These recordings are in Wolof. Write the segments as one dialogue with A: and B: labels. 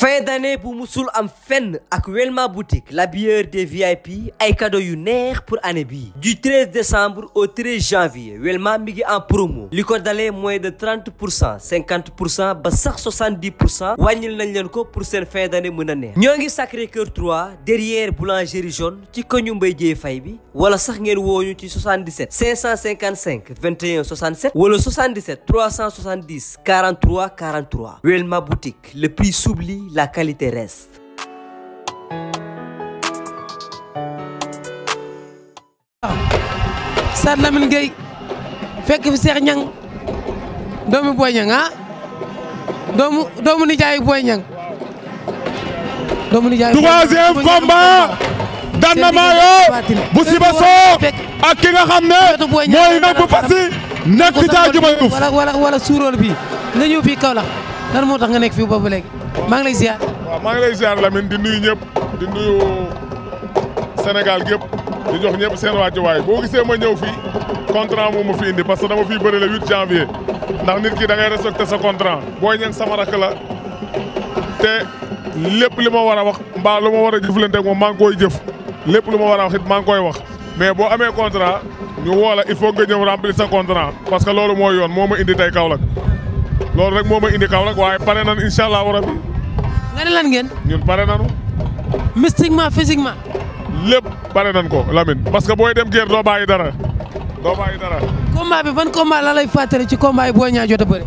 A: fin d'année bu musul am fenn ak Welma boutique la bière des VIP ay cadeau yu neex pour anne bii du 13 décembre au 13 janvier Welma mi ngi en promo li ko dalee moins de 30 pour cent 50 pour cent ba sax 70 pour cent wàññil nañ leen ko pour seen fin d'année mën a neex ñoo ngi Sacré Cœur 3 derrière boulangerie jaune ci koñu mbay Dieye Faye bi wala sax ngeen wooñu ci 77 555 21 67 wala 77 370 43 43 Welma boutique le prix s'oublie la qualité reste. waaw Stade Lamine Gueye
B: fekk fi Cheikh Niang doomu Boy Niang ah doomu doomu nijaayu Boy Niang doomu nijaayu troisième combat
A: Danda Mayo bu Sibassor
B: ak ki nga xam ne mooy nag bu Passy nekk ci Diadiouma Diouf wala wala wala bi nga ñëw fii Kaolack lan moo tax nga nekk fii bu léegi maa ngi lay ziar.
C: maa ngi lay ziar Lamine di nuyu ñëpp di nuyu Sénégal gépp di jox ñëpp seen wàccuwaay boo gisee ma ñëw fii contrat moo ma fi indi parce que dama fiy bëri le 8 janvier ndax nit ki da ngay respecté sa contrat booy ñang sama rakk la te lépp li ma war a wax mbaa lu ma war a jëflante ak moom maa ngi jëf lépp lu ma war a wax maa ngi koy wax mais boo amee contrat ñu woo la il faut nga ñëw remplir sa contrat parce que loolu moo yoon moo ma indi tey Kaolack loolu rek moo ma indi kaw rek waaye pare nan incha allah rabi. nga ne lan ngeen. ñun pare nanu. mystiquement physiquement. lépp pare nan ko Lamine parce que booy dem guerre doo bàyyi dara doo bi
B: ban combat la lay ci combat yi Boy jot a bëri.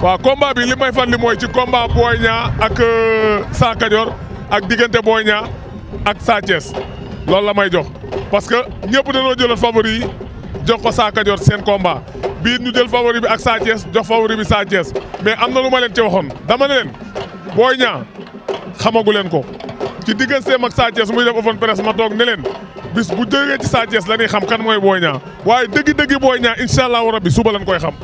C: waaw combat bi li may fàttali mooy ci combat Boy Niang ak euh, Sa Kajoor ak diggante Boy Niang ak Sa Thiès loolu la jox parce que ñëpp dañoo jëloon favori jox ko Sa Kajoor seen combat. bii ñu jël favori bi ak Sa Thiès jox favori bi Sa Thiès mais am na lu ma leen dama ne leen Boy Niang ko ci digganteem ak Sa Thiès muy def open presse ma toog ne leen bis bu jógee ci Sa la ñuy xam kan mooy Boy Niang waaye dëgg-dëgg Boy Niang incha allahu rabbi suba lañ koy xam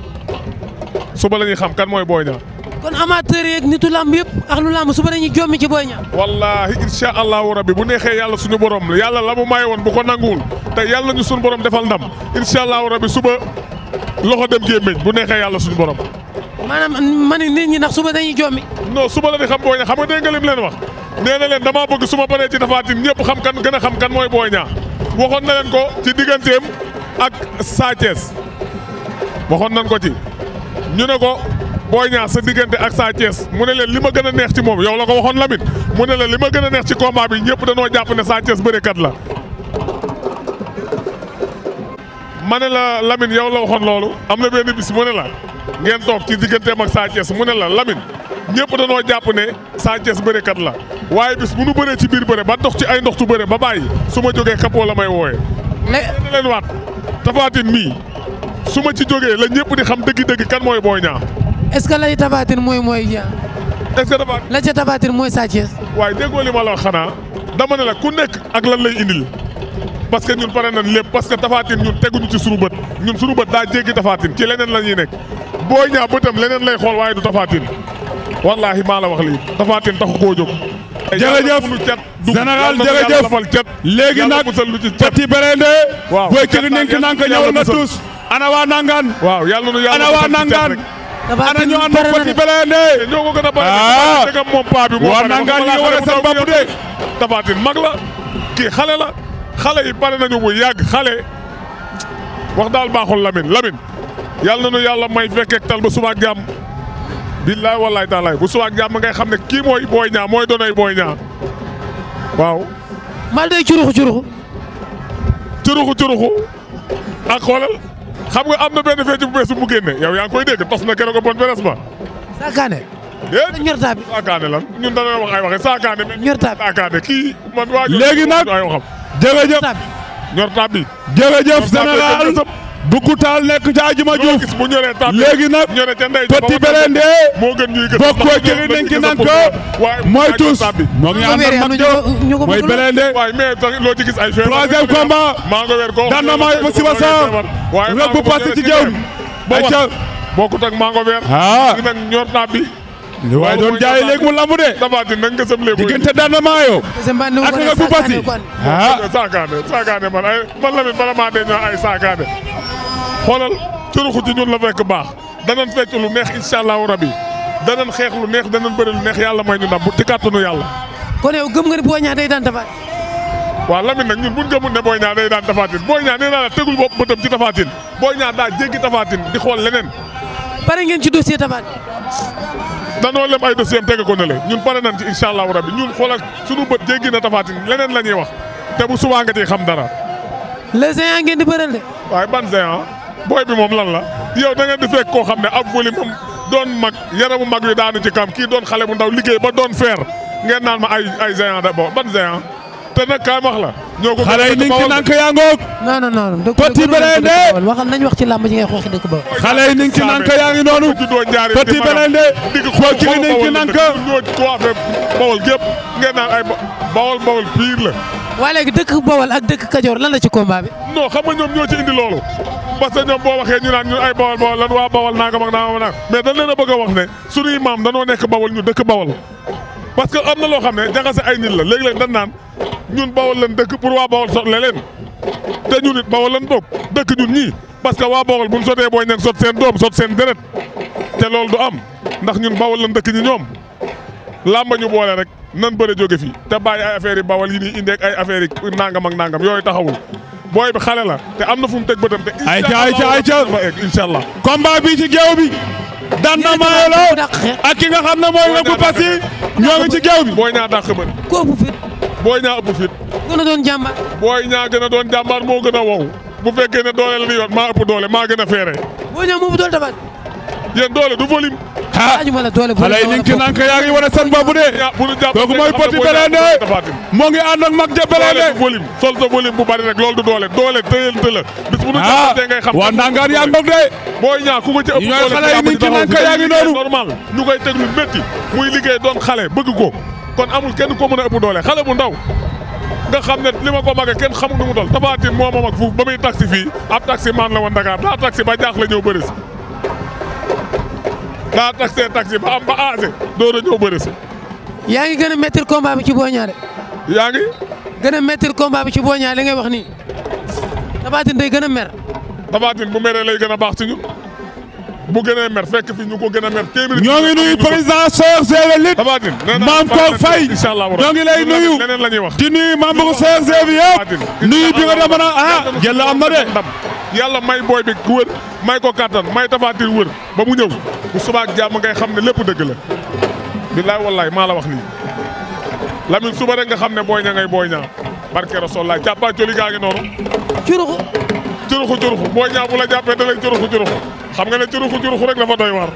C: suba la ñuy xam kan mooy booy Niang.
B: kon amateur
C: yeeg nitu lamb yëpp ak lu lamb suba dañuy jommi ci Boy Niang. wallaahi incha allahu rabbi bu neexee yàlla suñu borom la yàlla la mu maye woon bu ko nanguwul te yàlla ñu suñu borom defal ndam loxo dem gémmiñ bu neexee yàlla suñu borom. maanaam ma ne nit ñi ndax suba dañuy jommi. noo suba la di xam booy ña xam nga dégg nga lim leen wax nee na leen damaa bëgg suma paree ci dafaatin ñëpp xam kan gën a xam kan mooy booy ñaa waxoon na leen ko ci digganteem ak Sa Thiès waxoon nañ ko ci ñu ne ko booy ñaa sa diggante ak Sa Thiès mu ne leen li ma gën a neex ci moom yow la ko waxoon Lamine mu ne leen li ma gën a neex ci combat bi ñëpp danoo jàpp ne Sa Thiès bërekat la. ma ne la Lamine yow la waxoon loolu am na benn bis mu ne la ngeen toog ci digganteem ak Sa Thiès mu ne la Lamine ñëpp danoo jàpp ne Sa Thiès kat la waaye bis bu nu bëree ci biir bëre ba dox ci ay ndox ndoxtu bëre ba bàyyi su ma jógee kapoo la may wooyee. ne leen waat Taphatine mii su ma ci jógee la ñëpp di xam dëgg-dëgg kan mooy Boy Niang.
B: est-ce que lay Taphatine mooy mooy Niang.
C: est-ce que Taphatine. la ca Taphatine mooy Sa Thiès. waaye déggoo li ma la wax xanaa dama la ku nekk ak lan lay indil. parce que ñun pare nañ lépp parce que tafaatin ñun teguñu ci suñu ñun suñu daa jéggi tafaatin ci leneen la ñuy nekk booy ñaa bëtam leneen lay xool waaye du tafaatin wallaahi maa la wax lii tafaatin taxu koo jóg. jërëjëf général jërëjëf léegi nag Petit Berendé waaw booy kii ninki nanka ñëwal na tous ana waa nangaan ana waa nangaan ana ñu ànd ak Petit Berendé ñoo ko gën a bëri ah. moom paa bi waa nangaan ñu war a seen de la xale yi pare nañu bu yàgg xale wax daal baaxul Lamine Lamine yàlla na nu yàlla may fekkeek tal ba subaak jàmm billaay wallaay taalaay bu subaak jàmm ngay xam ne kii mooy booy ñaa mooy doonay booy ñaa waaw. mal day curuxu curuxu. curuxu curuxu ak xoolal xam nga am na benn fecc bu bees bu mu génne yow yaa ngi koy dégg tas na keroog bon beres ba. saakaane. déet ñortaa bi saakaane lan ñun dañoo wax ay waxe saakaane. bi saakaane kii man. waa léegi nag ay waxam. jërëjëf ñor taab bi jërëjëf général Boukou Tall nekk ca Ajuma Diouf léegi nag petit Belende bokk ko jëri nañ ki nan ko mooy tous moo ngi àndal mag jo mooy Belende troisième combat daan na ma yóbbu si ba saa rëbb pasi ci jëwn ayca bokkut ak mango weer ngi nag ñor taab bi li waaye doon jaay léegi mu lamb de. Tafatin nag nga sëb léegi diggante daan na maayo. ak nga bu basi ah saakaane saakaane man ay man la mi bala maa dee ñoo ay saakaane. xoolal curuxu ci ñun la fekk baax danañ fecc lu neex incha allahu rabi danañ xeex lu neex danañ bëri lu neex yàlla may ñu ndam bu ci kàttanu yàlla. kon yow gëm nga ni boo ñaa day daan Tafatin. waaw Lamine nag ñun buñ gëmul ne booy ñaa day daan Tafatin booy ñaa nee naa la di xool danoo lem ay dossier am tege ko ne le ñun pare nañ ci incha allahu rabi ñun xoolal suñu bët jéggi na tafaatin leneen la ñuy wax te bu subaa nga ciy xam dara. le géant ngeen di bëral de. waaye ban géant booy bi moom lan la yow da ngeen di fekk koo xam ne ab volim am doon mag yaramu mag wi daanu ci kam kii doon xale bu ndaw liggéey ba doon feer ngeen naan ma ay ay géant da bo ban géant. te nag kaay la. ñoo ko xale yi ni yaa ngoog.
B: non non non waxal nañ wax ci làmb ji ngay wax dëkk ba. xale yi ni yaa
C: ngi noonu. Petit Belende. koo kii ni ki nànk. ko affaire bawol gépp ngeen naan ay bawol bawol piir la. waa léegi dëkk bawol ak dëkk kajoor lan la ci combat bi. non xam nga ñoom ñoo ci indi loolu. parce que ñoom boo waxee ñu naan ñun ay bawol lan waa bawol nangam ak nangam nag mais dañ leen a bëgg a wax danoo nekk bawol ñu dëkk bawol na loo xam ne jaxase ay nit la léegi-léeg dañ ñun bawol lan dëkk pour waa bawol sotle leen te ñun it bawol lan bokk dëkk ñun ñii parce que waa bawol buñ sotee booy ñang sot seen doom sot seen deret te loolu du am ndax ñun bawol lan dëkk ñi ñoom làmba ñu boole rek nan bëre jóge fii te bàyyi ay affaire yi bawal yi ni indeek ay affaire yi ak nangam yooyu taxawul booy bi xale la te am na fu mu teg bëtam te ayca ayca ayca incha allah combat bi ci géew bi dan na maayolo ak ki nga xam ne mooy Nabou Passy ñoo ngi ci géew bi booy ñaa dàq bëri booy ñaa ëpp fit. a doon jàmbaar. booy ñaa gën a doon jàmbaar moo gën a wow bu fekkee ne doole la ñu yoon maa ëpp doole maa gën a feere. booy ñaa moomu doole tabaat. yéen doole du volume. ah, ah. xale yi ñu ngi ci naan yaa ngi wane seen bopp de. kooku mooy Petit Belende moo ngi ànd ak mag ja Belende. volume sol sa volume bu bari rek loolu du doole doole tëyal të la. bis bu nu ah, jàppante ngay xam. waa Ndangar yaa ngoog de. booy ñaa ku ko ci ëpp doole ñooy xale yi ñu ngi koy teg lu métti muy liggéey doon xale kon amul kenn ko mën a ëpp doole xale bu ndaw nga xam ne li ma ko màggee kenn xamul nu mu dol Tapha Tine moo ma mag fuuf ba muy taxi fii ab taxi man la woon Dakar daa taxi ba jaaxle ñëw bëri daa taxee taxi ba am ba aase door a ñëw bëri yaa ngi gën a mettre combat bi ci Boy Niang de. yaa ngi. gën a mettre combat bi ci Boy li ngay wax nii Tapha Tine day gën a mer. Tapha Tine bu meree lay gën a baax ci ñun. bu gënee mer fekk fi ñu ko gën a mer téeméer. ñoo ngi nuyu président CNG la lit. maam ko fay ñoo ngi lay nuyu. di nuyu membre CNG bi yëpp. nuyu bi nga dama na ah jël am na de. yàlla may booy bi wër may ko kàttan may tafaatir wër ba mu ñëw bu subaa ak jàmm ngay xam ne lépp dëgg la. billaay wallaay maa la wax lii Lamine suba rek nga xam ne booy ña ngay booy ñaa barke Rasulullah jàppaa coli gaa ngi noonu. curuxu curuxu curuxu booy ñaa bu la jàppee da lay curuxu curuxu. xam nga ne curuxu curuxu rek dafa doy waar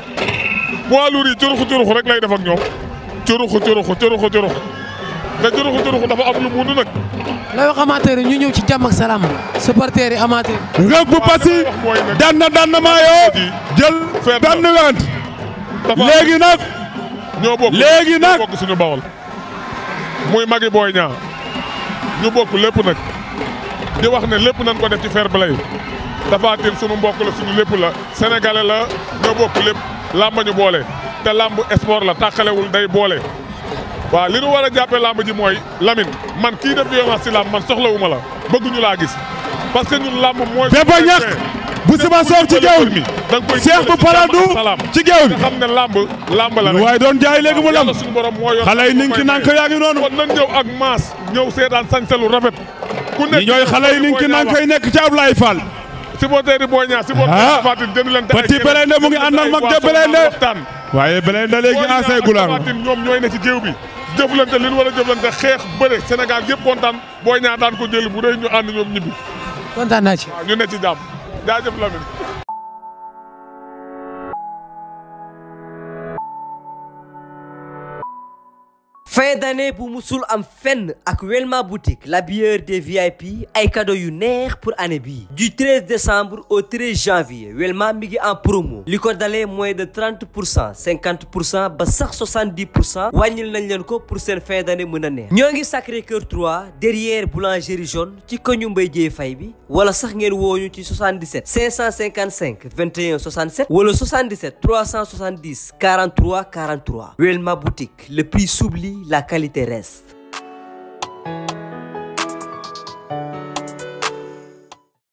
C: poids lourd yi curuxu curuxu rek lay def ak ñoom curuxu curuxu curuxu te curuxu curuxu dafa am lu mu nag.
B: lay wax amateur ñu ñëw ci jàmm ak salaam. supporter yi amateur yi. rëbb bu pasi daan na
C: daan na maayoo jël benn went léegi nag. ñoo bokk léegi nag muy magi booy ñaa ñu bokk lépp nag di wax ne lépp nañ ko def ci fair play Tapha Tine sunu mbokk la suñu lépp la sénégalais la ñoo bokk lépp làmb ñu boole te làmb sport la tàqalewul day boole. waaw li nu war a jàppee làmb ji mooy Lamine man kii def violence ci làmb man soxlawuma la bëgguñu laa gis parce que ñun làmb mooy. Bébé Ñax bu Siba Soor ci géew mi Cheikh bu Parandu ci géew mi nga xam ne làmb làmb la rek waaye doon jaay léegi mu lamb suñu borom moo yor xale yi ninki nank yaa ngi noonu kon nan ñëw ak maas ñëw seetaan sañselu rafet ku nekk ñooy xale yi ninki nank yi nekk ci Ablaye Fall supporter yi Boy Niang supporter yi ah, Tapha Tine jënd leen Petit Blindé mu ngi ànd ak mag ja Blindé waaye Blindé léegi ancien gulaar ñoom ñooy ne ci géew bi jëflante li ñu war a jëflante xeex bëre Sénégal yëpp kontaan Boy Niang daan ko jël bu rëy ñu ànd ñoom ñibbi kontaan naa ci waaw ñu ne ci jàmm jaajëf Lamine
A: fin d'année bu musul am fenn ak Welma boutique la bière des VIP ay cadeau yu neex pour année bii du 13 décembre au 13 janvier Welma mi ngi en promo li ko dalee moins de 30 pour cent 50 pour cent ba sax 70 pour cent nañ leen ko pour seen fin d'année mën a neex ñoo ngi Sacré Cœur 3 derrière boulangerie jaune ci koñu Mbaye Dieye Faye bi wala sax ngeen wooñu ci 77 555 21 67 wala 77 370 43 43 Welma boutique le prix s'oublie la qualité reste.